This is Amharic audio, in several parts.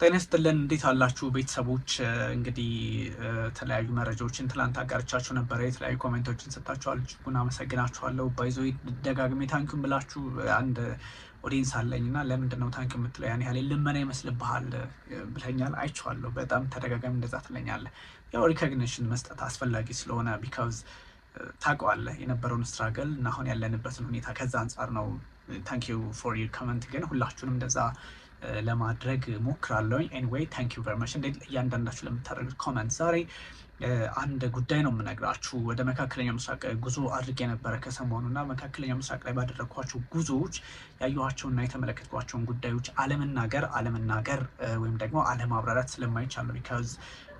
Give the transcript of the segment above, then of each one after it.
ጤና ይስጥልን እንዴት አላችሁ ቤተሰቦች? እንግዲህ የተለያዩ መረጃዎችን ትላንት አጋርቻችሁ ነበረ። የተለያዩ ኮሜንቶችን ሰጥታችኋል። እጅጉን አመሰግናችኋለሁ። ባይዞ ደጋግሜ ታንኪም ብላችሁ አንድ ኦዲንስ አለኝ እና ለምንድን ነው ታንክ የምትለው? ያን ያህል ልመና ይመስልብሃል ብለኛል። አይቼዋለሁ። በጣም ተደጋጋሚ እንደዛ ትለኛለህ። ያው ሪኮግኒሽን መስጠት አስፈላጊ ስለሆነ ቢካውዝ ታውቀዋለህ የነበረውን ስትራገል እና አሁን ያለንበትን ሁኔታ ከዛ አንጻር ነው። ታንኪ ፎር ዩር ኮመንት ግን ሁላችሁንም እንደዛ ለማድረግ ሞክራለሁኝ። ኤኒዌይ ታንክ ዩ ቨርመች እንዴት እያንዳንዳችሁ ለምታደርጉት ኮመንት። ዛሬ አንድ ጉዳይ ነው የምነግራችሁ። ወደ መካከለኛው ምስራቅ ጉዞ አድርጌ የነበረ ከሰሞኑ እና መካከለኛው ምስራቅ ላይ ባደረግኳቸው ጉዞዎች ያየኋቸውና የተመለከትኳቸውን ጉዳዮች አለመናገር አለመናገር ወይም ደግሞ አለማብራራት ስለማይቻል ነው ቢካዝ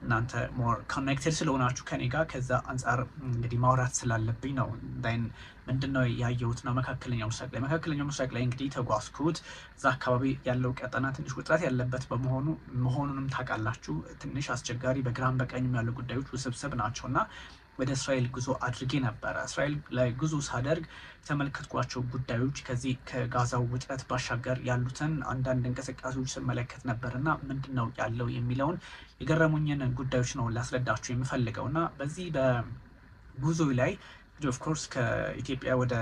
እናንተ ሞር ኮኔክትድ ስለሆናችሁ ከኔ ጋር ከዛ አንጻር እንግዲህ ማውራት ስላለብኝ ነው። ን ምንድን ነው ያየሁት ነው መካከለኛው ምስራቅ ላይ መካከለኛው ምስራቅ ላይ እንግዲህ ተጓዝኩት። እዛ አካባቢ ያለው ቀጠና ትንሽ ውጥረት ያለበት በመሆኑ መሆኑንም ታውቃላችሁ። ትንሽ አስቸጋሪ፣ በግራም በቀኝም ያሉ ጉዳዮች ውስብስብ ናቸው እና ወደ እስራኤል ጉዞ አድርጌ ነበረ። እስራኤል ላይ ጉዞ ሳደርግ የተመለከትኳቸው ጉዳዮች ከዚህ ከጋዛው ውጥረት ባሻገር ያሉትን አንዳንድ እንቅስቃሴዎች ስመለከት ነበር እና ምንድን ነው ያለው የሚለውን የገረሙኝን ጉዳዮች ነው ላስረዳችሁ የምፈልገው እና በዚህ በጉዞ ላይ ኦፍኮርስ ከኢትዮጵያ ወደ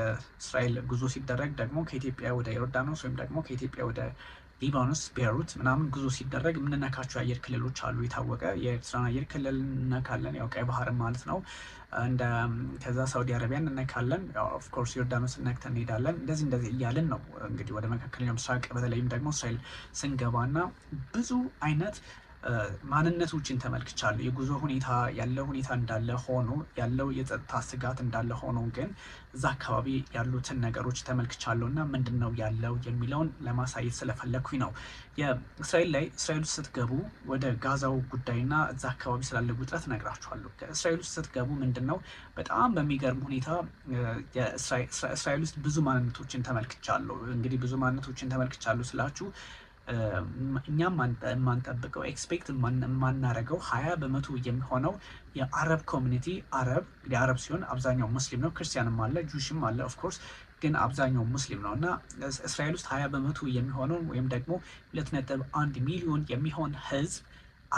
እስራኤል ጉዞ ሲደረግ ደግሞ ከኢትዮጵያ ወደ ዮርዳኖስ ወይም ደግሞ ከኢትዮጵያ ወደ ሊባኖስ ቤሩት ምናምን ጉዞ ሲደረግ የምንነካቸው የአየር ክልሎች አሉ። የታወቀ የኤርትራን አየር ክልል እንነካለን፣ ያው ቀይ ባህር ማለት ነው። እንደ ከዛ ሳውዲ አረቢያ እንነካለን፣ ኦፍኮርስ ዮርዳኖስ ነክተን እንሄዳለን። እንደዚህ እንደዚህ እያልን ነው እንግዲህ ወደ መካከለኛው ምስራቅ በተለይም ደግሞ እስራኤል ስንገባና ብዙ አይነት ማንነቶችን ተመልክቻለሁ። የጉዞ ሁኔታ ያለ ሁኔታ እንዳለ ሆኖ ያለው የጸጥታ ስጋት እንዳለ ሆኖ ግን እዛ አካባቢ ያሉትን ነገሮች ተመልክቻለሁ እና ምንድን ነው ያለው የሚለውን ለማሳየት ስለፈለግኩኝ ነው። የእስራኤል ላይ እስራኤል ውስጥ ስትገቡ ወደ ጋዛው ጉዳይና እዛ አካባቢ ስላለ ውጥረት እነግራችኋለሁ። ከእስራኤል ውስጥ ስትገቡ ምንድን ነው በጣም በሚገርም ሁኔታ እስራኤል ውስጥ ብዙ ማንነቶችን ተመልክቻለሁ። እንግዲህ ብዙ ማንነቶችን ተመልክቻለሁ ስላችሁ እኛም የማንጠብቀው ኤክስፔክት የማናደረገው ሀያ በመቶ የሚሆነው የአረብ ኮሚኒቲ አረብ እንግዲህ አረብ ሲሆን አብዛኛው ሙስሊም ነው። ክርስቲያንም አለ ጁሽም አለ ኦፍኮርስ ግን አብዛኛው ሙስሊም ነው እና እስራኤል ውስጥ ሀያ በመቶ የሚሆነው ወይም ደግሞ ሁለት ነጥብ አንድ ሚሊዮን የሚሆን ህዝብ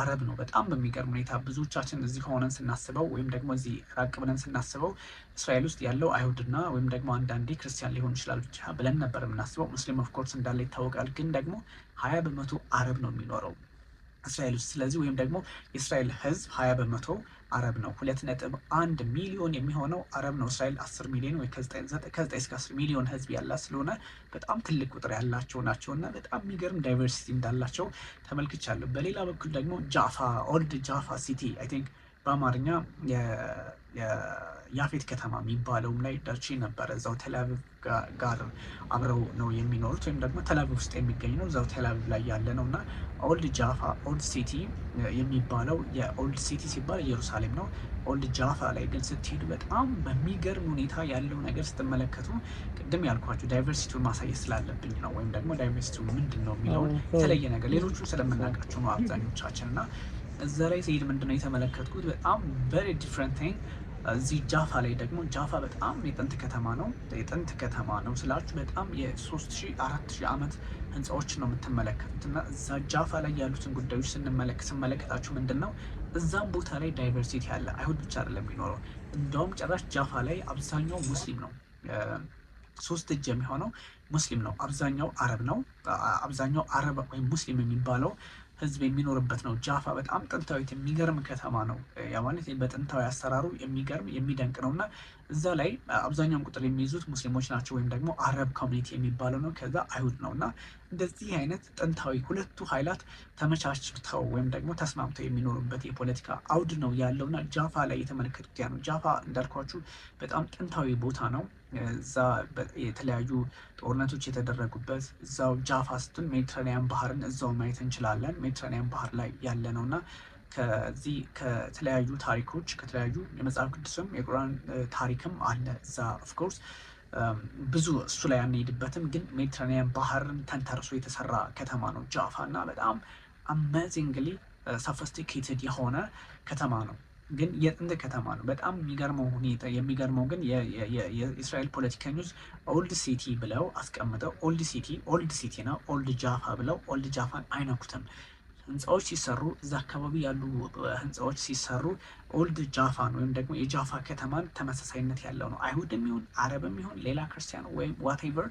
አረብ ነው። በጣም በሚገርም ሁኔታ ብዙዎቻችን እዚህ ከሆነን ስናስበው ወይም ደግሞ እዚህ ራቅ ብለን ስናስበው እስራኤል ውስጥ ያለው አይሁድና ወይም ደግሞ አንዳንዴ ክርስቲያን ሊሆን ይችላል ብቻ ብለን ነበር የምናስበው። ሙስሊም ኦፍኮርስ እንዳለ ይታወቃል። ግን ደግሞ ሀያ በመቶ አረብ ነው የሚኖረው እስራኤል ውስጥ። ስለዚህ ወይም ደግሞ የእስራኤል ህዝብ ሀያ በመቶ አረብ ነው። ሁለት ነጥብ አንድ ሚሊዮን የሚሆነው አረብ ነው። እስራኤል አስር ሚሊዮን ወይ ከዘጠኝ እስከ አስር ሚሊዮን ህዝብ ያላት ስለሆነ በጣም ትልቅ ቁጥር ያላቸው ናቸው እና በጣም የሚገርም ዳይቨርሲቲ እንዳላቸው ተመልክቻለሁ። በሌላ በኩል ደግሞ ጃፋ ኦልድ ጃፋ ሲቲ አይ ቲንክ በአማርኛ የያፌት ከተማ የሚባለውም ላይ ደርሼ ነበረ። እዛው ተላቪቭ ጋር አብረው ነው የሚኖሩት ወይም ደግሞ ተላቪቭ ውስጥ የሚገኝ ነው። እዛው ተላቪቭ ላይ ያለ ነው እና ኦልድ ጃፋ ኦልድ ሲቲ የሚባለው የኦልድ ሲቲ ሲባል ኢየሩሳሌም ነው። ኦልድ ጃፋ ላይ ግን ስትሄዱ በጣም በሚገርም ሁኔታ ያለው ነገር ስትመለከቱ ቅድም ያልኳችሁ ዳይቨርሲቲውን ማሳየት ስላለብኝ ነው። ወይም ደግሞ ዳይቨርሲቲው ምንድን ነው የሚለውን የተለየ ነገር ሌሎቹ ስለምናውቃቸው ነው አብዛኞቻችን እና እዛ ላይ ሲሄድ ምንድነው የተመለከትኩት በጣም ቨሪ ዲፍረንት ቲንግ እዚህ ጃፋ ላይ ደግሞ ጃፋ በጣም የጥንት ከተማ ነው። የጥንት ከተማ ነው ስላችሁ በጣም የ3400 አራት ዓመት ህንፃዎች ነው የምትመለከቱት እና እዛ ጃፋ ላይ ያሉትን ጉዳዮች ስንመለክ ስመለከታችሁ ምንድን ነው እዛም ቦታ ላይ ዳይቨርሲቲ አለ። አይሁድ ብቻ አይደለም የሚኖረው። እንደውም ጭራሽ ጃፋ ላይ አብዛኛው ሙስሊም ነው። ሶስት እጅ የሚሆነው ሙስሊም ነው። አብዛኛው አረብ ነው። አብዛኛው አረብ ወይም ሙስሊም የሚባለው ህዝብ የሚኖርበት ነው። ጃፋ በጣም ጥንታዊት የሚገርም ከተማ ነው። ያ ማለት በጥንታዊ አሰራሩ የሚገርም የሚደንቅ ነው እና እዛ ላይ አብዛኛውን ቁጥር የሚይዙት ሙስሊሞች ናቸው ወይም ደግሞ አረብ ኮሚኒቲ የሚባለው ነው። ከዛ አይሁድ ነው እና እንደዚህ አይነት ጥንታዊ ሁለቱ ኃይላት ተመቻችተው ወይም ደግሞ ተስማምተው የሚኖሩበት የፖለቲካ አውድ ነው ያለውና ጃፋ ላይ የተመለከቱት ያ ነው። ጃፋ እንዳልኳችሁ በጣም ጥንታዊ ቦታ ነው። እዛ የተለያዩ ጦርነቶች የተደረጉበት እዛው ጃፋ ስትን ሜዲትራኒያን ባህርን እዛው ማየት እንችላለን። ሜዲትራኒያን ባህር ላይ ያለ ነው እና ከዚህ ከተለያዩ ታሪኮች ከተለያዩ የመጽሐፍ ቅዱስም የቁርአን ታሪክም አለ እዛ ኦፍኮርስ ብዙ እሱ ላይ አንሄድበትም፣ ግን ሜዲትራኒያን ባህርን ተንተርሶ የተሰራ ከተማ ነው ጃፋ እና በጣም አመዚንግሊ ሶፊስቲኬትድ የሆነ ከተማ ነው። ግን የጥንት ከተማ ነው። በጣም የሚገርመው ሁኔታ የሚገርመው ግን የእስራኤል ፖለቲከኞች ኦልድ ሲቲ ብለው አስቀምጠው ኦልድ ሲቲ ኦልድ ሲቲ ነው ኦልድ ጃፋ ብለው ኦልድ ጃፋን አይነኩትም። ህንፃዎች ሲሰሩ እዛ አካባቢ ያሉ ህንፃዎች ሲሰሩ ኦልድ ጃፋን ወይም ደግሞ የጃፋ ከተማን ተመሳሳይነት ያለው ነው። አይሁድም የሚሆን አረብም የሚሆን ሌላ ክርስቲያን ወይም ዋቴቨር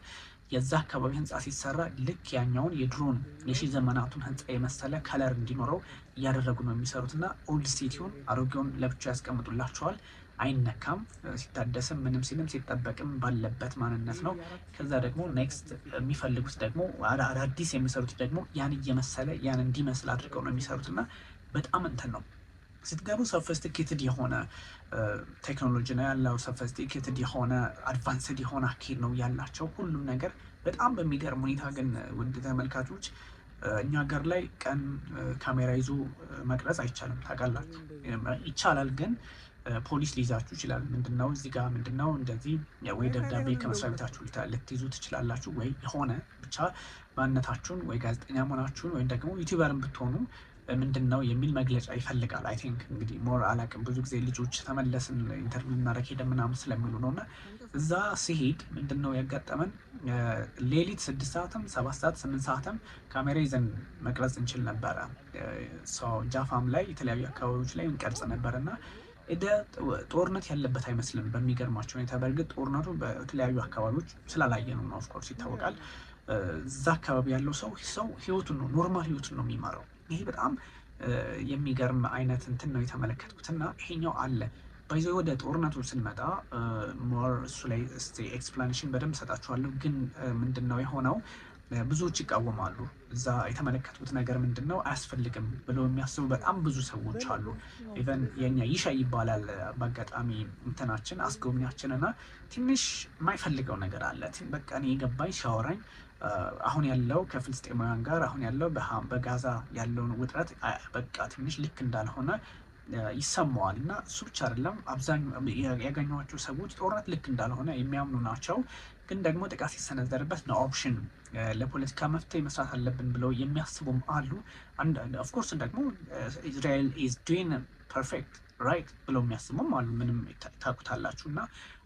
የዛ አካባቢ ህንፃ ሲሰራ ልክ ያኛውን የድሮን የሺ ዘመናቱን ህንፃ የመሰለ ከለር እንዲኖረው እያደረጉ ነው የሚሰሩት እና ኦልድ ሲቲውን አሮጌውን ለብቻ ያስቀምጡላቸዋል። አይነካም። ሲታደስም ምንም ሲልም ሲጠበቅም ባለበት ማንነት ነው። ከዛ ደግሞ ኔክስት የሚፈልጉት ደግሞ አዳዲስ የሚሰሩት ደግሞ ያን እየመሰለ ያን እንዲመስል አድርገው ነው የሚሰሩት እና በጣም እንትን ነው ስትገቡ ሶፊስቲኬትድ የሆነ ቴክኖሎጂ ነው ያለው። ሶፊስቲኬትድ የሆነ አድቫንስድ የሆነ አኬድ ነው ያላቸው ሁሉም ነገር። በጣም በሚገርም ሁኔታ ግን ውድ ተመልካቾች እኛ ሀገር ላይ ቀን ካሜራ ይዞ መቅረጽ አይቻልም። ታውቃላችሁ፣ ይቻላል ግን ፖሊስ ሊይዛችሁ ይችላል። ምንድነው እዚህ ጋር ምንድነው እንደዚህ ወይ ደብዳቤ ከመስሪያ ቤታችሁ ልትይዙ ትችላላችሁ። ወይ የሆነ ብቻ ማንነታችሁን ወይ ጋዜጠኛ መሆናችሁን ወይም ደግሞ ዩቲዩበርን ብትሆኑ ምንድን ነው የሚል መግለጫ ይፈልጋል። አይ ቲንክ እንግዲህ ሞር አላውቅም። ብዙ ጊዜ ልጆች ተመለስን ኢንተርቪው እናደርግ ሄደን ምናምን ስለሚሉ ነው። እና እዛ ሲሄድ ምንድን ነው ያጋጠመን ሌሊት ስድስት ሰዓትም ሰባት ሰዓት ስምንት ሰዓትም ካሜራ ይዘን መቅረጽ እንችል ነበረ። ሰው ጃፋም ላይ የተለያዩ አካባቢዎች ላይ እንቀርጽ ነበር እና እደ ጦርነት ያለበት አይመስልም። በሚገርማቸው ሁኔታ በእርግጥ ጦርነቱ በተለያዩ አካባቢዎች ስላላየ ነው እና ኦፍኮርስ ይታወቃል። እዛ አካባቢ ያለው ሰው ሰው ህይወቱን ነው ኖርማል ህይወቱን ነው የሚመራው። ይሄ በጣም የሚገርም አይነት እንትን ነው የተመለከትኩት እና ይሄኛው አለ ባይዘ ወደ ጦርነቱ ስንመጣ ሞር እሱ ላይ ስ ኤክስፕላኔሽን በደንብ ሰጣችኋለሁ። ግን ምንድን ነው የሆነው ብዙዎች ይቃወማሉ። እዛ የተመለከቱት ነገር ምንድን ነው አያስፈልግም ብለው የሚያስቡ በጣም ብዙ ሰዎች አሉ። ኢቨን የኛ ይሻ ይባላል በአጋጣሚ እንትናችን አስጎብኛችን እና ትንሽ የማይፈልገው ነገር አለ። በቃ እኔ የገባኝ ሲያወራኝ አሁን ያለው ከፍልስጤማውያን ጋር አሁን ያለው በጋዛ ያለውን ውጥረት በቃ ትንሽ ልክ እንዳልሆነ ይሰማዋል እና እሱ ብቻ አይደለም። አብዛኛው ያገኟቸው ሰዎች ጦርነት ልክ እንዳልሆነ የሚያምኑ ናቸው። ግን ደግሞ ጥቃት ሲሰነዘርበት ነው ኦፕሽን ለፖለቲካ መፍትሄ መስራት አለብን ብለው የሚያስቡም አሉ። ኦፍኮርስ ደግሞ ኢዝራኤል ኢዝ ዱዊንግ ፐርፌክት ራይት ብለው የሚያስቡም አሉ። ምንም ታውቁታላችሁ። እና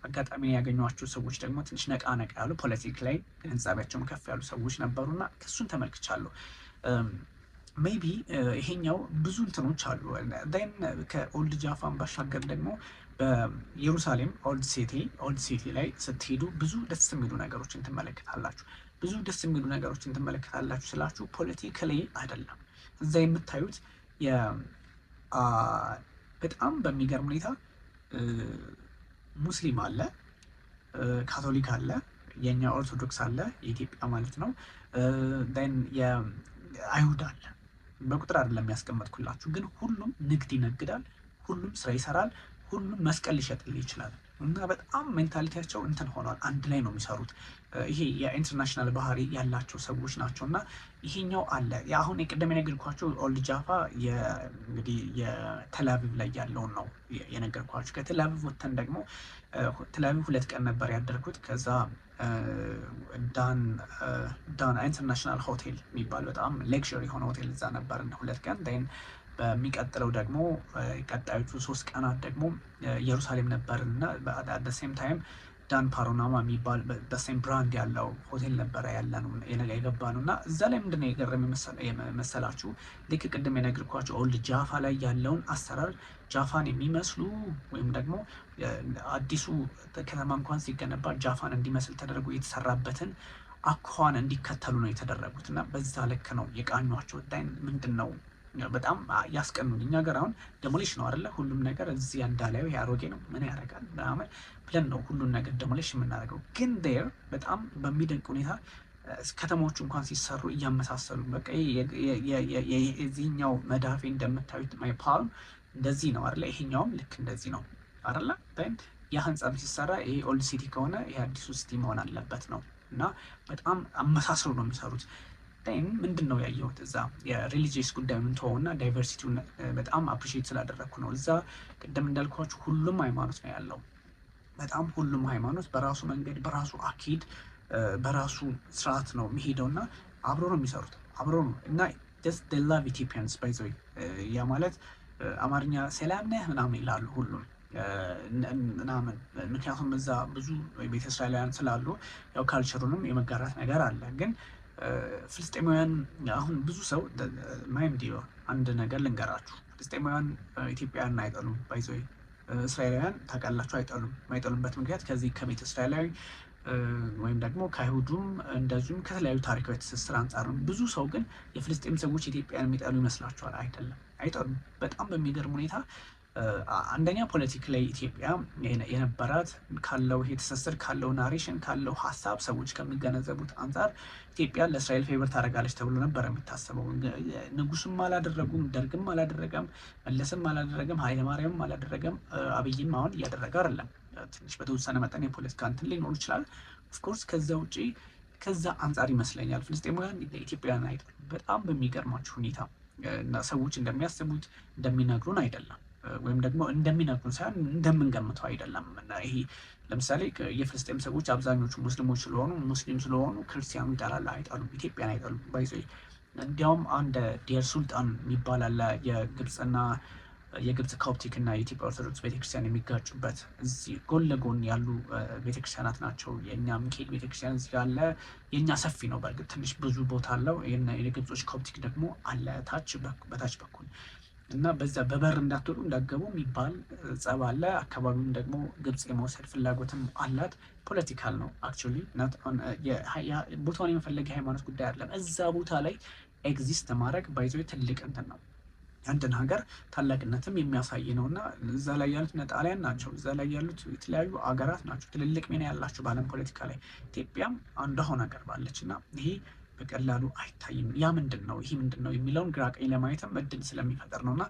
አጋጣሚ ያገኟቸው ሰዎች ደግሞ ትንሽ ነቃ ነቃ ያሉ ፖለቲክ ላይ ግንዛቤያቸውን ከፍ ያሉ ሰዎች እና እሱን ተመልክቻለሁ። ቢ ይሄኛው ብዙ እንትኖች አሉ። ን ከኦልድ ጃፋን ባሻገር ደግሞ በኢየሩሳሌም ኦልድ ሲቲ ኦልድ ሲቲ ላይ ስትሄዱ ብዙ ደስ የሚሉ ነገሮችን ትመለከታላችሁ። ብዙ ደስ የሚሉ ነገሮችን ትመለከታላችሁ ስላችሁ ፖለቲካሊ አይደለም። እዛ የምታዩት በጣም በሚገርም ሁኔታ ሙስሊም አለ፣ ካቶሊክ አለ፣ የእኛ ኦርቶዶክስ አለ፣ የኢትዮጵያ ማለት ነው። የአይሁድ አለ። በቁጥር አይደለም ያስቀመጥኩላችሁ፣ ግን ሁሉም ንግድ ይነግዳል፣ ሁሉም ስራ ይሰራል፣ ሁሉም መስቀል ሊሸጥል ይችላል። እና በጣም ሜንታሊቲያቸው እንትን ሆኗል። አንድ ላይ ነው የሚሰሩት። ይሄ የኢንተርናሽናል ባህሪ ያላቸው ሰዎች ናቸው። እና ይሄኛው አለ አሁን የቅደም የነገርኳቸው ኦልድ ጃፋ እንግዲህ የተላቪቭ ላይ ያለውን ነው የነገርኳቸው። ከተላቪቭ ወተን ደግሞ ተላቪቭ ሁለት ቀን ነበር ያደርኩት። ከዛ ዳን ዳን ኢንተርናሽናል ሆቴል የሚባል በጣም ሌክዥሪ የሆነ ሆቴል እዛ ነበር ሁለት ቀን ን በሚቀጥለው ደግሞ ቀጣዮቹ ሶስት ቀናት ደግሞ ኢየሩሳሌም ነበር እና በሴም ታይም ዳን ፓሮናማ የሚባል በሴም ብራንድ ያለው ሆቴል ነበረ ያለ ነው የገባ ነው እና እዛ ላይ ምንድነው የገረም መሰላችሁ ልክ ቅድም የነገርኳቸው ኦልድ ጃፋ ላይ ያለውን አሰራር ጃፋን የሚመስሉ ወይም ደግሞ አዲሱ ከተማ እንኳን ሲገነባ ጃፋን እንዲመስል ተደርጎ የተሰራበትን አኳን እንዲከተሉ ነው የተደረጉት እና በዛ ልክ ነው የቃኟቸው። ምንድን ነው በጣም ያስቀኑን። እኛ ጋር አሁን ደሞሌሽ ነው አይደለ? ሁሉም ነገር እዚህ እንዳላዩ ያሮጌ ነው ምን ያደርጋል ምናምን ብለን ነው ሁሉን ነገር ደሞሌሽ የምናደርገው። ግን ር በጣም በሚደንቅ ሁኔታ ከተሞቹ እንኳን ሲሰሩ እያመሳሰሉ በቃ የዚህኛው መዳፌ እንደምታዩት ማይ ፓልም እንደዚህ ነው አይደለ? ይሄኛውም ልክ እንደዚህ ነው አይደለ? ወይም ያ ህንጻም ሲሰራ ይሄ ኦልድ ሲቲ ከሆነ ይሄ አዲሱ ሲቲ መሆን አለበት ነው እና በጣም አመሳስሉ ነው የሚሰሩት። ታይም ምንድን ነው ያየሁት እዛ የሪሊጂየስ ጉዳይ ምን እና ዳይቨርሲቲውን በጣም አፕሪሺየት ስላደረግኩ ነው። እዛ ቅድም እንዳልኳችሁ ሁሉም ሃይማኖት ነው ያለው። በጣም ሁሉም ሃይማኖት በራሱ መንገድ፣ በራሱ አኪድ፣ በራሱ ስርዓት ነው የሚሄደው እና አብሮ ነው የሚሰሩት አብሮ ነው እና ደስ ደላቭ ኢትዮጵያንስ ባይዘይ ያ ማለት አማርኛ ሰላም ነህ ምናምን ይላሉ ሁሉም ምናምን ምክንያቱም እዛ ብዙ ቤተ እስራኤላውያን ስላሉ ያው ካልቸሩንም የመጋራት ነገር አለ ግን ፍልስጤማውያን አሁን ብዙ ሰው ማይምዲ አንድ ነገር ልንገራችሁ። ፍልስጤማውያን ኢትዮጵያን አይጠሉም፣ ባይዘ እስራኤላውያን ታውቃላችሁ፣ አይጠሉም። የማይጠሉበት ምክንያት ከዚህ ከቤተ እስራኤላዊ ወይም ደግሞ ከአይሁዱም እንደዚሁም ከተለያዩ ታሪካዊ ትስስር አንጻር ነው። ብዙ ሰው ግን የፍልስጤም ሰዎች ኢትዮጵያን የሚጠሉ ይመስላቸዋል። አይደለም፣ አይጠሉም። በጣም በሚገርም ሁኔታ አንደኛ ፖለቲክ ላይ ኢትዮጵያ የነበራት ካለው ይሄ ትስስር ካለው ናሬሽን ካለው ሀሳብ ሰዎች ከሚገነዘቡት አንጻር ኢትዮጵያ ለእስራኤል ፌቨር ታደርጋለች ተብሎ ነበር የሚታሰበው። ንጉስም አላደረጉም፣ ደርግም አላደረገም፣ መለስም አላደረገም፣ ኃይለማርያምም አላደረገም፣ አብይም አሁን እያደረገ አይደለም። ትንሽ በተወሰነ መጠን የፖለቲካ እንትን ሊኖር ይችላል። ኦፍኮርስ ከዛ ውጪ ከዛ አንጻር ይመስለኛል ፍልስጤማውያን ኢትዮጵያን አይደሉም። በጣም በሚገርማችሁ ሁኔታ እና ሰዎች እንደሚያስቡት እንደሚነግሩን አይደለም። ወይም ደግሞ እንደሚነግሩን ሳይሆን እንደምንገምተው አይደለም። እና ይሄ ለምሳሌ የፍልስጤም ሰዎች አብዛኞቹ ሙስሊሞች ስለሆኑ ሙስሊም ስለሆኑ ክርስቲያኑ ይጠላል አይጠሉም፣ ኢትዮጵያን አይጠሉም። ባይዘ እንዲያውም አንድ ዴር ሱልጣን የሚባል አለ የግብፅና የግብፅ ኮፕቲክ እና የኢትዮጵያ ኦርቶዶክስ ቤተክርስቲያን የሚጋጩበት እዚህ ጎን ለጎን ያሉ ቤተክርስቲያናት ናቸው። የእኛ ሚካኤል ቤተክርስቲያን እዚህ አለ። የእኛ ሰፊ ነው፣ በእርግጥ ትንሽ ብዙ ቦታ አለው። የግብጾች ኮፕቲክ ደግሞ አለ ታች በታች በኩል እና በዛ በበር እንዳትወጡ እንዳገቡ የሚባል ጸብ አለ። አካባቢውም ደግሞ ግብፅ የመውሰድ ፍላጎትም አላት። ፖለቲካል ነው አክቹዋሊ ቦታውን የመፈለግ የሃይማኖት ጉዳይ አይደለም። እዛ ቦታ ላይ ኤግዚስት ማድረግ ባይዞ ትልቅ እንትን ነው አንድን ሀገር ታላቅነትም የሚያሳይ ነው እና እዛ ላይ ያሉት እነ ጣሊያን ናቸው። እዛ ላይ ያሉት የተለያዩ ሀገራት ናቸው ትልልቅ ሚና ያላቸው በዓለም ፖለቲካ ላይ ኢትዮጵያም አንዷ ሆና ቀርባለች እና ይሄ በቀላሉ አይታይም። ያ ምንድን ነው ይህ ምንድን ነው የሚለውን ግራ ቀኝ ለማየትም እድል ስለሚፈጠር ነው እና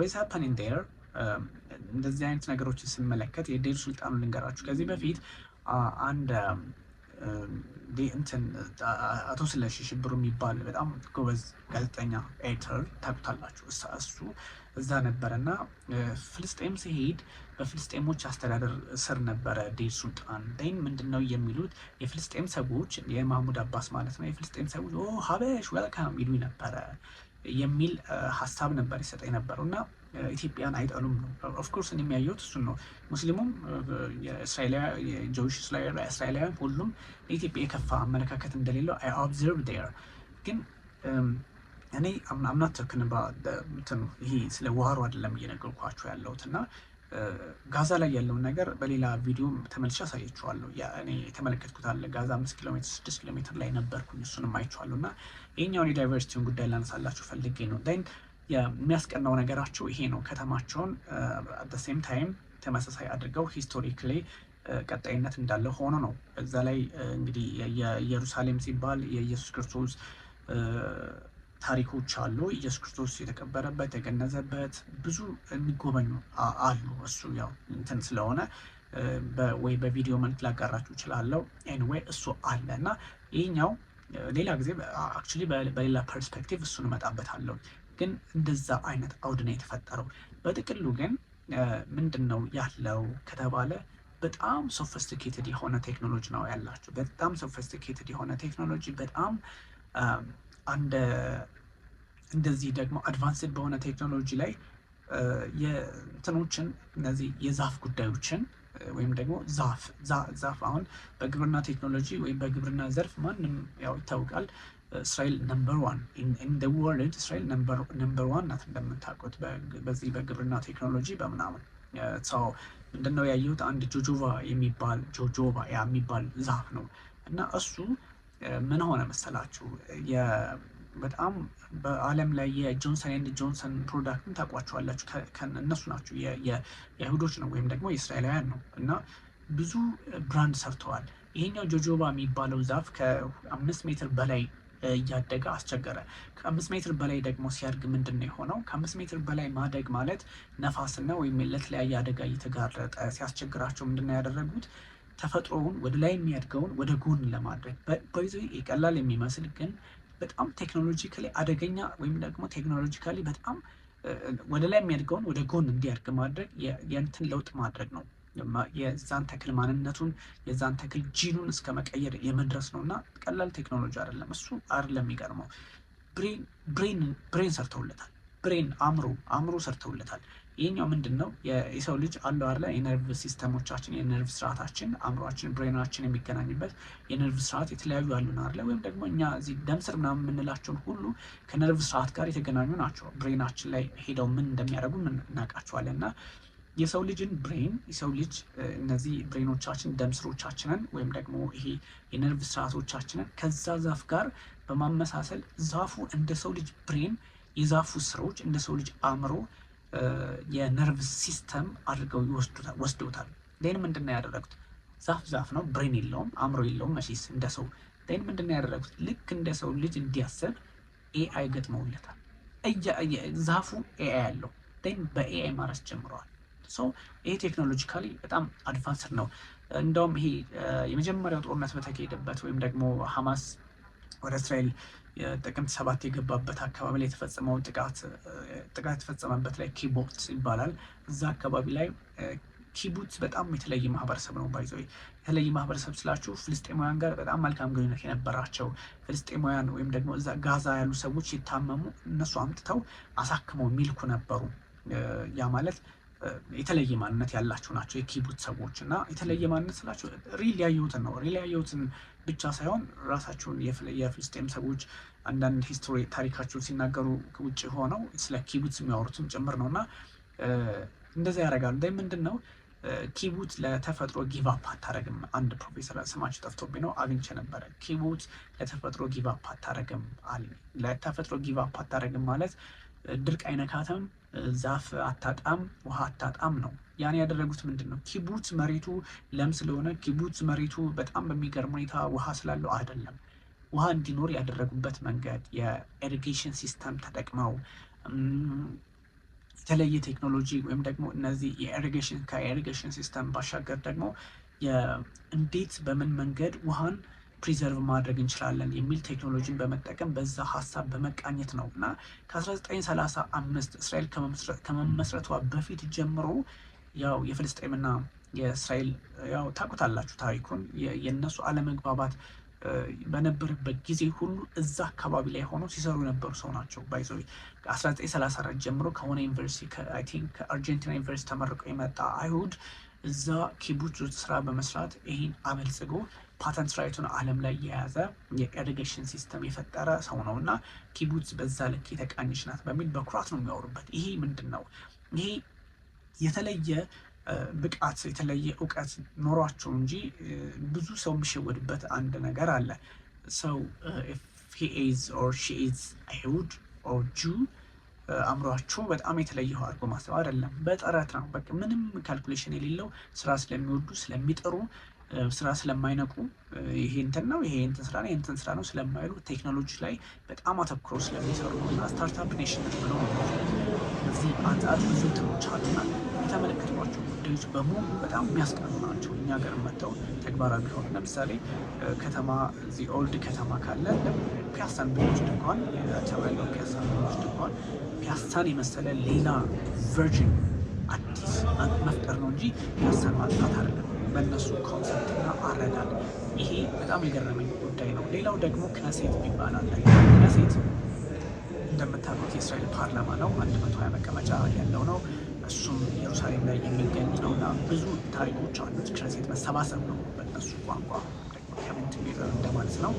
ወዝ ሀፐኒንግ ዴር እንደዚህ አይነት ነገሮችን ስመለከት የዴር ስልጣኑ ልንገራችሁ ከዚህ በፊት uh, አንድ um, እንትን አቶ ስለሺ ሽብሩ የሚባል በጣም ጎበዝ ጋዜጠኛ ኤዲተር ታውቁታላችሁ። እሱ እዛ ነበረ እና ፍልስጤም ሲሄድ በፍልስጤሞች አስተዳደር ስር ነበረ ዴር ሱልጣን ን ምንድን ነው የሚሉት የፍልስጤም ሰዎች የማህሙድ አባስ ማለት ነው። የፍልስጤም ሰዎች ሀበሽ ወልካም ይሉ ነበረ የሚል ሀሳብ ነበር ይሰጠ የነበረው እና ኢትዮጵያን አይጠሉም ነው። ኦፍኮርስ እኔ የሚያየሁት እሱን ነው። ሙስሊሙም ጆዊሽ እስራኤላውያን ሁሉም ለኢትዮጵያ የከፋ አመለካከት እንደሌለው አይ ኦብዘርቭ ዴር ግን እኔ አምናት ትርክን ይሄ ስለ ዋሩ አይደለም እየነገርኳቸው ያለሁት እና ጋዛ ላይ ያለውን ነገር በሌላ ቪዲዮ ተመልሼ አሳያችኋለሁ። እኔ የተመለከትኩት አለ ጋዛ አምስት ኪሎ ሜትር ስድስት ኪሎ ሜትር ላይ ነበርኩኝ እሱንም አይቼዋለሁ እና ይህኛውን የዳይቨርሲቲውን ጉዳይ ላነሳላችሁ ፈልጌ ነው። ን የሚያስቀናው ነገራቸው ይሄ ነው። ከተማቸውን ሴም ታይም ተመሳሳይ አድርገው ሂስቶሪክሊ ቀጣይነት እንዳለ ሆኖ ነው። በዛ ላይ እንግዲህ የኢየሩሳሌም ሲባል የኢየሱስ ክርስቶስ ታሪኮች አሉ። ኢየሱስ ክርስቶስ የተቀበረበት የገነዘበት ብዙ የሚጎበኙ አሉ። እሱ ያው እንትን ስለሆነ ወይ በቪዲዮ መልክ ላጋራችሁ እችላለሁ። ኤኒዌይ እሱ አለ እና ይህኛው ሌላ ጊዜ አክቹዋሊ በሌላ ፐርስፔክቲቭ እሱን እመጣበታለሁ። ግን እንደዛ አይነት አውድ ነው የተፈጠረው። በጥቅሉ ግን ምንድን ነው ያለው ከተባለ በጣም ሶፊስቲኬትድ የሆነ ቴክኖሎጂ ነው ያላቸው። በጣም ሶፊስቲኬትድ የሆነ ቴክኖሎጂ በጣም አንደ እንደዚህ ደግሞ አድቫንስድ በሆነ ቴክኖሎጂ ላይ የእንትኖችን እነዚህ የዛፍ ጉዳዮችን ወይም ደግሞ ዛፍ ዛፍ አሁን በግብርና ቴክኖሎጂ ወይም በግብርና ዘርፍ ማንም ያው ይታወቃል እስራኤል ነምበር ዋን ኢን ዘ ወርልድ እስራኤል ነምበር ዋን ናት እንደምታውቁት በዚህ በግብርና ቴክኖሎጂ በምናምን ሰው ምንድነው ያየሁት አንድ ጆጆባ የሚባል ጆጆባ ያ የሚባል ዛፍ ነው እና እሱ ምን ሆነ መሰላችሁ በጣም በአለም ላይ የጆንሰን ኤንድ ጆንሰን ፕሮዳክትን ታውቋቸዋላችሁ እነሱ ናቸው የአይሁዶች ነው ወይም ደግሞ የእስራኤላውያን ነው እና ብዙ ብራንድ ሰርተዋል ይሄኛው ጆጆባ የሚባለው ዛፍ ከአምስት ሜትር በላይ እያደገ አስቸገረ። ከአምስት ሜትር በላይ ደግሞ ሲያድግ ምንድን ነው የሆነው? ከአምስት ሜትር በላይ ማደግ ማለት ነፋስና ወይም ለተለያየ አደጋ እየተጋረጠ ሲያስቸግራቸው ምንድን ነው ያደረጉት? ተፈጥሮውን ወደ ላይ የሚያድገውን ወደ ጎን ለማድረግ በይዞ ቀላል የሚመስል ግን በጣም ቴክኖሎጂካሊ አደገኛ ወይም ደግሞ ቴክኖሎጂካሊ በጣም ወደ ላይ የሚያድገውን ወደ ጎን እንዲያድግ ማድረግ የእንትን ለውጥ ማድረግ ነው። የዛን ተክል ማንነቱን የዛን ተክል ጂኑን እስከ መቀየር የመድረስ ነው እና ቀላል ቴክኖሎጂ አይደለም። እሱ አይደለም የሚገርመው ብሬን ሰርተውለታል። ብሬን አእምሮ አእምሮ ሰርተውለታል። ይህኛው ምንድን ነው የሰው ልጅ አለው አለ የነርቭ ሲስተሞቻችን የነርቭ ስርዓታችን አእምሯችን ብሬናችን የሚገናኝበት የነርቭ ስርዓት የተለያዩ ያሉን አለ ወይም ደግሞ እኛ እዚህ ደም ስር ምናምን የምንላቸውን ሁሉ ከነርቭ ስርዓት ጋር የተገናኙ ናቸው። ብሬናችን ላይ ሄደው ምን እንደሚያደርጉ እናውቃቸዋለን እና የሰው ልጅን ብሬን የሰው ልጅ እነዚህ ብሬኖቻችን ደም ስሮቻችንን ወይም ደግሞ ይሄ የነርቭ ስርዓቶቻችንን ከዛ ዛፍ ጋር በማመሳሰል ዛፉ እንደ ሰው ልጅ ብሬን የዛፉ ስሮች እንደ ሰው ልጅ አእምሮ የነርቭ ሲስተም አድርገው ወስዶታል። ን ምንድን ነው ያደረጉት? ዛፍ ዛፍ ነው፣ ብሬን የለውም፣ አእምሮ የለውም መቼስ እንደ ሰው። ን ምንድን ነው ያደረጉት? ልክ እንደ ሰው ልጅ እንዲያስብ ኤአይ ገጥመውለታል። ዛፉ ኤአይ አለው፣ ን በኤአይ ማረስ ጀምረዋል። ሰው ይህ ቴክኖሎጂካሊ በጣም አድቫንስድ ነው። እንደውም ይሄ የመጀመሪያው ጦርነት በተካሄደበት ወይም ደግሞ ሀማስ ወደ እስራኤል ጥቅምት ሰባት የገባበት አካባቢ ላይ የተፈጸመው ጥቃት ጥቃት የተፈጸመበት ላይ ኪቦት ይባላል። እዛ አካባቢ ላይ ኪቡት በጣም የተለየ ማህበረሰብ ነው። ባይዘ የተለየ ማህበረሰብ ስላችሁ ፍልስጤማውያን ጋር በጣም መልካም ግንኙነት የነበራቸው ፍልስጤማውያን ወይም ደግሞ እዛ ጋዛ ያሉ ሰዎች ሲታመሙ እነሱ አምጥተው አሳክመው የሚልኩ ነበሩ። ያ ማለት የተለየ ማንነት ያላቸው ናቸው የኪቡት ሰዎች እና የተለየ ማንነት ስላቸው ሪል ያየሁትን ነው። ሪል ያየሁትን ብቻ ሳይሆን ራሳቸውን የፍልስጤም ሰዎች አንዳንድ ሂስቶሪ ታሪካቸውን ሲናገሩ ውጭ ሆነው ስለ ኪቡት የሚያወሩትም ጭምር ነው እና እንደዛ ያደርጋሉ። ይ ምንድን ነው ኪቡት ለተፈጥሮ ጊቫፕ አታረግም። አንድ ፕሮፌሰር ስማቸው ጠፍቶብኝ ነው አግኝቼ ነበረ። ኪቡት ለተፈጥሮ ጊቫፕ አታረግም አለ። ለተፈጥሮ ጊቫፕ አታረግም ማለት ድርቅ አይነካትም ዛፍ አታጣም፣ ውሃ አታጣም ነው። ያን ያደረጉት ምንድን ነው? ኪቡት መሬቱ ለም ስለሆነ ኪቡት መሬቱ በጣም በሚገርም ሁኔታ ውሃ ስላለው አይደለም። ውሃ እንዲኖር ያደረጉበት መንገድ የኢሪጌሽን ሲስተም ተጠቅመው የተለየ ቴክኖሎጂ ወይም ደግሞ እነዚህ የኢሪጌሽን ሲስተም ባሻገር ደግሞ እንዴት በምን መንገድ ውሃን ፕሪዘርቭ ማድረግ እንችላለን የሚል ቴክኖሎጂን በመጠቀም በዛ ሀሳብ በመቃኘት ነው እና ከ1935 እስራኤል ከመመስረቷ በፊት ጀምሮ ያው የፍልስጤምና የእስራኤል ያው ታውቁታላችሁ ታሪኩን የእነሱ አለመግባባት በነበረበት ጊዜ ሁሉ እዛ አካባቢ ላይ ሆኖ ሲሰሩ የነበሩ ሰው ናቸው። ባይዞ 1934 ጀምሮ ከሆነ ዩኒቨርሲቲ አይ ቲንክ ከአርጀንቲና ዩኒቨርሲቲ ተመርቆ የመጣ አይሁድ እዛ ኪቡት ስራ በመስራት ይህን አበልጽጎ ፓተንት ራይቱን አለም ላይ የያዘ የኢሪጌሽን ሲስተም የፈጠረ ሰው ነው እና ኪቡትስ በዛ ልክ የተቃኘች ናት በሚል በኩራት ነው የሚያወሩበት። ይሄ ምንድን ነው? ይሄ የተለየ ብቃት የተለየ እውቀት ኖሯቸው እንጂ ብዙ ሰው የሚሸወድበት አንድ ነገር አለ። ሰው ሂዝ ኦር ሺዝ አይሁድ ኦር ጁ አእምሯቸው በጣም የተለየ አድርጎ ማሰብ አይደለም። በጥረት ነው በቃ ምንም ካልኩሌሽን የሌለው ስራ ስለሚወዱ ስለሚጥሩ ስራ ስለማይነቁ ይሄ እንትን ነው ይሄ እንትን ስራ ነው ይሄ እንትን ስራ ነው ስለማይሉ ቴክኖሎጂ ላይ በጣም አተኩሮ ስለሚሰሩ ነው እና ስታርታፕ ኔሽን ብሎ እዚህ አንጻር ብዙ ትኖች አሉና የተመለከትኳቸው ጉዳዮች በሙሉ በጣም የሚያስቀኑ ናቸው። እኛ ገር መጥተው ተግባራዊ ቢሆን ለምሳሌ ከተማ እዚህ ኦልድ ከተማ ካለ ፒያሳን ብንወስድ እንኳን ተባለው ፒያሳን ብንወስድ እንኳን ፒያሳን የመሰለ ሌላ ቨርጅን አዲስ መፍጠር ነው እንጂ ፒያሳን ማጥፋት አይደለም። በእነሱ ኮንሰፕትና አረዳድ ይሄ በጣም የገረመኝ ጉዳይ ነው። ሌላው ደግሞ ክነሴት የሚባል አለ። ክነሴት እንደምታውቁት የእስራኤል ፓርላማ ነው። 120 መቀመጫ ያለው ነው። እሱም ኢየሩሳሌም ላይ የሚገኝ ነው እና ብዙ ታሪኮች አሉት። ክነሴት መሰባሰብ ነው በእነሱ ቋንቋ እንደማለት ነው።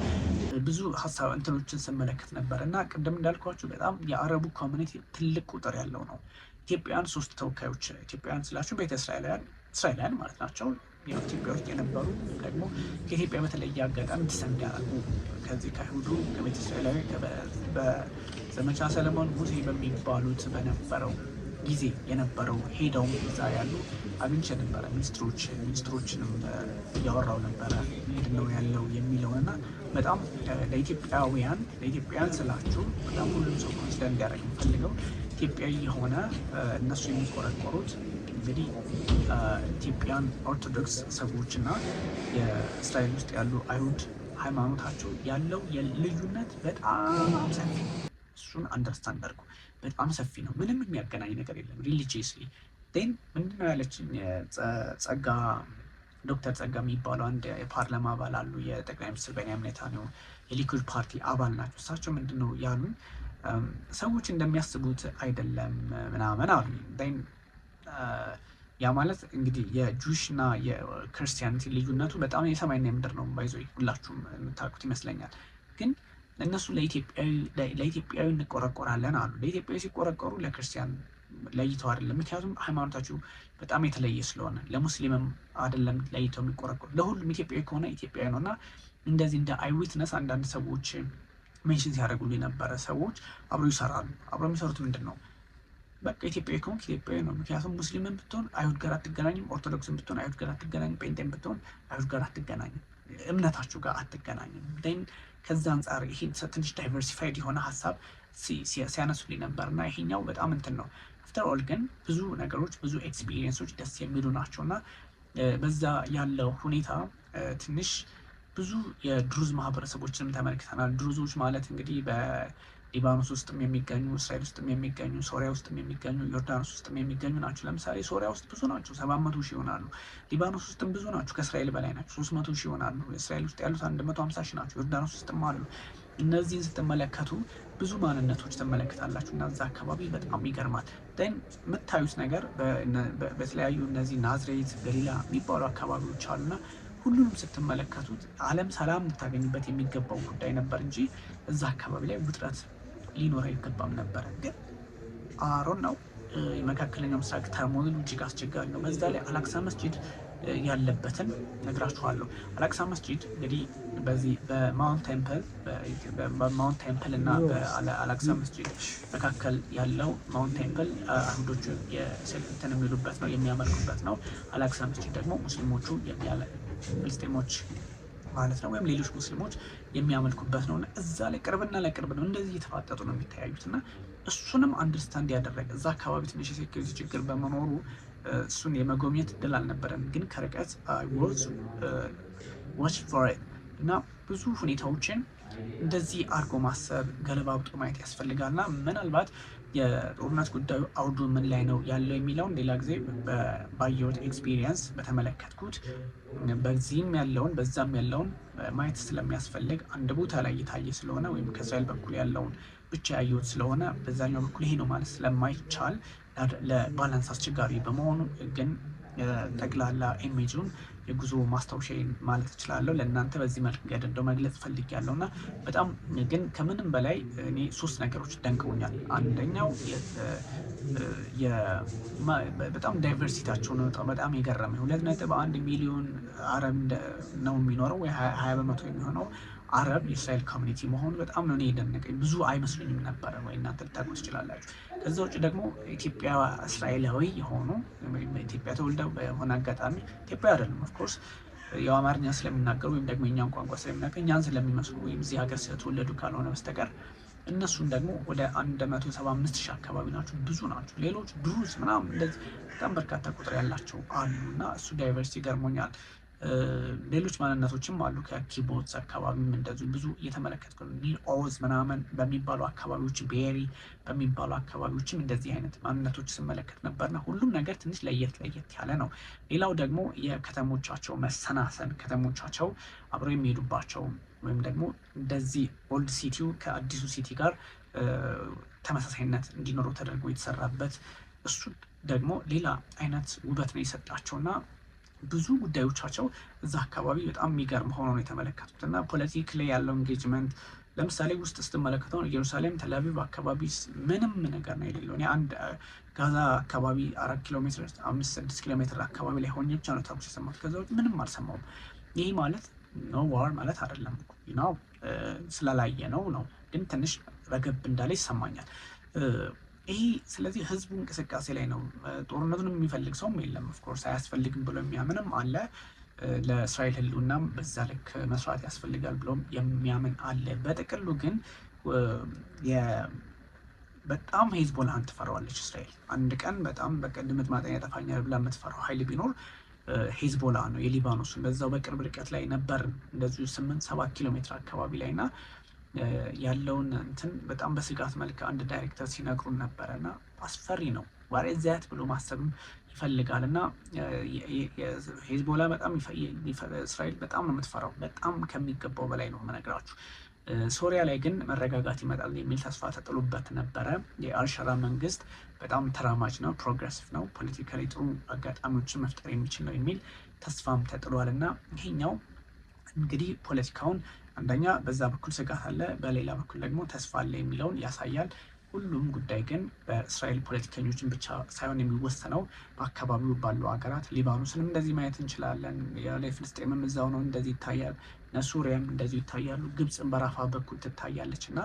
ብዙ ሀሳብ እንትኖችን ስመለከት ነበር እና ቅድም እንዳልኳቸው በጣም የአረቡ ኮሚኒቲ ትልቅ ቁጥር ያለው ነው። ኢትዮጵያውያን ሶስት ተወካዮች ኢትዮጵያውያን ስላቸው ቤተ እስራኤላውያን እስራኤላውያን ማለት ናቸው። ያው ኢትዮጵያዎች የነበሩ ደግሞ ከኢትዮጵያ በተለየ አጋጣሚ እንዲሰም ከዚህ ከሁዱ ከቤተ እስራኤላዊ በዘመቻ ሰለሞን ሙሴ በሚባሉት በነበረው ጊዜ የነበረው ሄደው እዛ ያሉ አግኝቼ ነበረ። ሚኒስትሮች ሚኒስትሮችንም እያወራው ነበረ ምንድነው ያለው የሚለውን እና በጣም ለኢትዮጵያውያን ለኢትዮጵያውያን ስላችሁ በጣም ሁሉም ሰው ኮንሲደር እንዲያደርግ የምፈልገው ኢትዮጵያዊ የሆነ እነሱ የሚቆረቆሩት እንግዲህ ኢትዮጵያን ኦርቶዶክስ ሰዎችና የእስራኤል ውስጥ ያሉ አይሁድ ሃይማኖታቸው ያለው ልዩነት በጣም ሰፊ ነው። እሱን አንደርስታንድ አድርጉ። በጣም ሰፊ ነው። ምንም የሚያገናኝ ነገር የለም። ሪሊጂየስሊ ን ምንድነው ያለችን ጸጋ ዶክተር ጸጋ የሚባለው አንድ የፓርላማ አባል አሉ። የጠቅላይ ሚኒስትር ቤንያሚን ኔታንያሁ የሊኩድ ፓርቲ አባል ናቸው። እሳቸው ምንድን ነው ያሉን ሰዎች እንደሚያስቡት አይደለም ምናምን አሉ። ያ ማለት እንግዲህ የጁሽ እና የክርስቲያኒቲ ልዩነቱ በጣም የሰማይና የምድር ነው። ባይዞ ሁላችሁም የምታውቁት ይመስለኛል። ግን እነሱ ለኢትዮጵያዊ እንቆረቆራለን አሉ። ለኢትዮጵያዊ ሲቆረቆሩ ለክርስቲያን ለይተው አይደለም። ምክንያቱም ሃይማኖታችሁ በጣም የተለየ ስለሆነ ለሙስሊምም አይደለም ለይተው የሚቆረቆሩ ለሁሉም ኢትዮጵያዊ ከሆነ ኢትዮጵያዊ ነው እና እንደዚህ እንደ አይዊትነስ አንዳንድ ሰዎች ሜንሽን ሲያደርጉልኝ ነበረ። ሰዎች አብረው ይሰራሉ። አብረው የሚሰሩት ምንድን ነው በቃ ኢትዮጵያዊ ከሆንክ ኢትዮጵያዊ ነው። ምክንያቱም ሙስሊምን ብትሆን አይሁድ ጋር አትገናኝም። ኦርቶዶክስን ብትሆን አይሁድ ጋር አትገናኝም። ጴንጤን ብትሆን አይሁድ ጋር አትገናኝም። እምነታችሁ ጋር አትገናኝም። ን ከዚ አንጻር ይሄ ትንሽ ዳይቨርሲፋይድ የሆነ ሀሳብ ሲያነሱልኝ ነበር እና ይሄኛው በጣም እንትን ነው። አፍተር ኦል ግን ብዙ ነገሮች ብዙ ኤክስፒሪየንሶች ደስ የሚሉ ናቸው እና በዛ ያለው ሁኔታ ትንሽ ብዙ የድሩዝ ማህበረሰቦችንም ተመልክተናል። ድሩዞች ማለት እንግዲህ ሊባኖስ ውስጥም የሚገኙ እስራኤል ውስጥም የሚገኙ ሶሪያ ውስጥም የሚገኙ ዮርዳኖስ ውስጥም የሚገኙ ናቸው። ለምሳሌ ሶሪያ ውስጥ ብዙ ናቸው፣ ሰባት መቶ ሺህ ይሆናሉ። ሊባኖስ ውስጥም ብዙ ናቸው፣ ከእስራኤል በላይ ናቸው፣ ሶስት መቶ ሺህ ይሆናሉ። እስራኤል ውስጥ ያሉት አንድ መቶ ሀምሳ ሺህ ናቸው። ዮርዳኖስ ውስጥም አሉ። እነዚህን ስትመለከቱ ብዙ ማንነቶች ትመለከታላችሁ እና እዛ አካባቢ በጣም ይገርማል። ን የምታዩት ነገር በተለያዩ እነዚህ ናዝሬት፣ ገሊላ የሚባሉ አካባቢዎች አሉና ሁሉንም ስትመለከቱት ዓለም ሰላም ልታገኝበት የሚገባው ጉዳይ ነበር እንጂ እዛ አካባቢ ላይ ውጥረት ሊኖር አይገባም ነበር። ግን አሮን ነው የመካከለኛው ምስራቅ ተሞግን እጅግ አስቸጋሪ ነው። በዛ ላይ አላክሳ መስጂድ ያለበትን ነግራችኋለሁ። አላክሳ መስጂድ እንግዲህ በዚህ በማውንት ቴምፕል በማውንት ቴምፕል እና በአላክሳ መስጂድ መካከል ያለው ማውንት ቴምፕል አይሁዶቹ የስልትን የሚሉበት ነው የሚያመልኩበት ነው። አላክሳ መስጂድ ደግሞ ሙስሊሞቹ ፍልስጤሞች ማለት ነው፣ ወይም ሌሎች ሙስሊሞች የሚያመልኩበት ነው። እዛ ላይ ቅርብና ላይ ቅርብ ነው፣ እንደዚህ እየተፋጠጡ ነው የሚተያዩት። እና እሱንም አንደርስታንድ ያደረገ እዛ አካባቢ ትንሽ የሴኪሪቲ ችግር በመኖሩ እሱን የመጎብኘት እድል አልነበረም፣ ግን ከርቀት ዋች ፎር ኢት እና ብዙ ሁኔታዎችን እንደዚህ አድርጎ ማሰብ ገለባብጦ ማየት ያስፈልጋልና ምናልባት የጦርነት ጉዳዩ አውዱ ምን ላይ ነው ያለው የሚለውን ሌላ ጊዜ ባየሁት ኤክስፒሪየንስ በተመለከትኩት በዚህም ያለውን በዛም ያለውን ማየት ስለሚያስፈልግ አንድ ቦታ ላይ እየታየ ስለሆነ ወይም ከእስራኤል በኩል ያለውን ብቻ ያየሁት ስለሆነ በዛኛው በኩል ይሄ ነው ማለት ስለማይቻል ለባላንስ አስቸጋሪ በመሆኑ ግን ጠቅላላ ኢሜጁን የጉዞ ማስታወሻ ማለት እችላለሁ። ለእናንተ በዚህ መንገድ እንደው መግለጽ ፈልጌያለሁ እና በጣም ግን ከምንም በላይ እኔ ሶስት ነገሮች ደንቀውኛል። አንደኛው በጣም ዳይቨርሲቲያቸው ነው በጣም የገረመኝ። ሁለት ነጥብ አንድ ሚሊዮን አረብ ነው የሚኖረው ወይ ሀያ በመቶ የሚሆነው አረብ የእስራኤል ኮሚኒቲ መሆኑ በጣም ነው እኔ የደነቀኝ። ብዙ አይመስሉኝም ነበረ ወይ እናንተ ልታቁ ትችላላችሁ። ከዛ ውጭ ደግሞ ኢትዮጵያ እስራኤላዊ የሆኑ ኢትዮጵያ ተወልደው በሆነ አጋጣሚ ኢትዮጵያ አይደለም ኦፍኮርስ ያው አማርኛ ስለሚናገሩ ወይም ደግሞ የኛን ቋንቋ ስለሚናገሩ እኛን ስለሚመስሉ ወይም እዚህ ሀገር ስለተወለዱ ካልሆነ በስተቀር እነሱን ደግሞ ወደ 175 ሺህ አካባቢ ናቸው። ብዙ ናቸው። ሌሎች ድሩዝ ምናምን እንደዚህ በጣም በርካታ ቁጥር ያላቸው አሉ እና እሱ ዳይቨርሲቲ ገርሞኛል። ሌሎች ማንነቶችም አሉ። ከኪቦርድስ አካባቢም እንደዚሁ ብዙ እየተመለከትኩ ኒር ኦዝ ምናምን በሚባሉ አካባቢዎች ቤሪ በሚባሉ አካባቢዎችም እንደዚህ አይነት ማንነቶች ስመለከት ነበርና ሁሉም ነገር ትንሽ ለየት ለየት ያለ ነው። ሌላው ደግሞ የከተሞቻቸው መሰናሰን ከተሞቻቸው አብረው የሚሄዱባቸው ወይም ደግሞ እንደዚህ ኦልድ ሲቲው ከአዲሱ ሲቲ ጋር ተመሳሳይነት እንዲኖረው ተደርጎ የተሰራበት እሱ ደግሞ ሌላ አይነት ውበት ነው የሰጣቸውና። ብዙ ጉዳዮቻቸው እዛ አካባቢ በጣም የሚገርም ሆኖ ነው የተመለከቱት እና ፖለቲክ ላይ ያለው ኤንጌጅመንት ለምሳሌ ውስጥ ስትመለከተው ኢየሩሳሌም፣ ተልአቪቭ አካባቢ ምንም ነገር ነው የሌለው። እኔ አንድ ጋዛ አካባቢ አራት ኪሎ ሜትር አምስት ስድስት ኪሎ ሜትር አካባቢ ላይ ሆኜ ብቻ ነው ተኩስ የሰማሁት። ከዛ ውጭ ምንም አልሰማውም። ይህ ማለት ኖ ዋር ማለት አይደለም ነው ስላላየ ነው ነው ግን ትንሽ ረገብ እንዳለ ይሰማኛል። ይሄ ስለዚህ ህዝቡ እንቅስቃሴ ላይ ነው። ጦርነቱን የሚፈልግ ሰውም የለም። ኦፍኮርስ አያስፈልግም ብሎ የሚያምንም አለ። ለእስራኤል ህልውናም በዛ ልክ መስራት ያስፈልጋል ብሎም የሚያምን አለ። በጥቅሉ ግን በጣም ሄዝቦላን ትፈራዋለች እስራኤል። አንድ ቀን በጣም በቅድምት ማጠኛ ጠፋኛል ብላ የምትፈራው ሀይል ቢኖር ሄዝቦላ ነው። የሊባኖስ በዛው በቅርብ ርቀት ላይ ነበር እንደዚሁ ስምንት ሰባት ኪሎ ሜትር አካባቢ ላይ እና ያለውን እንትን በጣም በስጋት መልክ አንድ ዳይሬክተር ሲነግሩን ነበረ እና አስፈሪ ነው። ዋሬ ዛያት ብሎ ማሰብም ይፈልጋል እና ሄዝቦላ በጣም እስራኤል በጣም ነው የምትፈራው። በጣም ከሚገባው በላይ ነው መነግራችሁ። ሶሪያ ላይ ግን መረጋጋት ይመጣል የሚል ተስፋ ተጥሎበት ነበረ። የአልሸራ መንግስት በጣም ተራማጅ ነው፣ ፕሮግረሲቭ ነው፣ ፖለቲካሊ ጥሩ አጋጣሚዎችን መፍጠር የሚችል ነው የሚል ተስፋም ተጥሏል እና ይሄኛው እንግዲህ ፖለቲካውን አንደኛ በዛ በኩል ስጋት አለ፣ በሌላ በኩል ደግሞ ተስፋ አለ የሚለውን ያሳያል። ሁሉም ጉዳይ ግን በእስራኤል ፖለቲከኞችን ብቻ ሳይሆን የሚወሰነው በአካባቢው ባሉ ሀገራት፣ ሊባኖስንም እንደዚህ ማየት እንችላለን። ፍልስጤምም እዛው ነው እንደዚህ ይታያል። ነሱሪያም እንደዚሁ ይታያሉ። ግብፅን በራፋ በኩል ትታያለች እና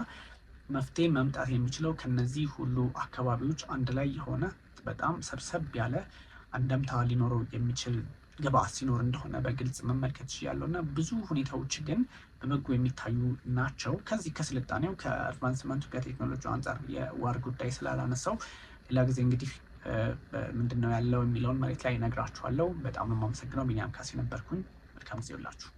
መፍትሄ መምጣት የሚችለው ከነዚህ ሁሉ አካባቢዎች አንድ ላይ የሆነ በጣም ሰብሰብ ያለ አንደምታ ሊኖረው የሚችል ግብአት ሲኖር እንደሆነ በግልጽ መመልከት ያለው እና ብዙ ሁኔታዎች ግን በበጎ የሚታዩ ናቸው። ከዚህ ከስልጣኔው ከአድቫንስመንቱ ከቴክኖሎጂ አንጻር የዋር ጉዳይ ስላላነሳው ሌላ ጊዜ እንግዲህ ምንድን ነው ያለው የሚለውን መሬት ላይ እነግራችኋለሁ። በጣም ነው የማመሰግነው። ቢኒያም ካሴ ነበርኩኝ። መልካም ጊዜ ይውላችሁ።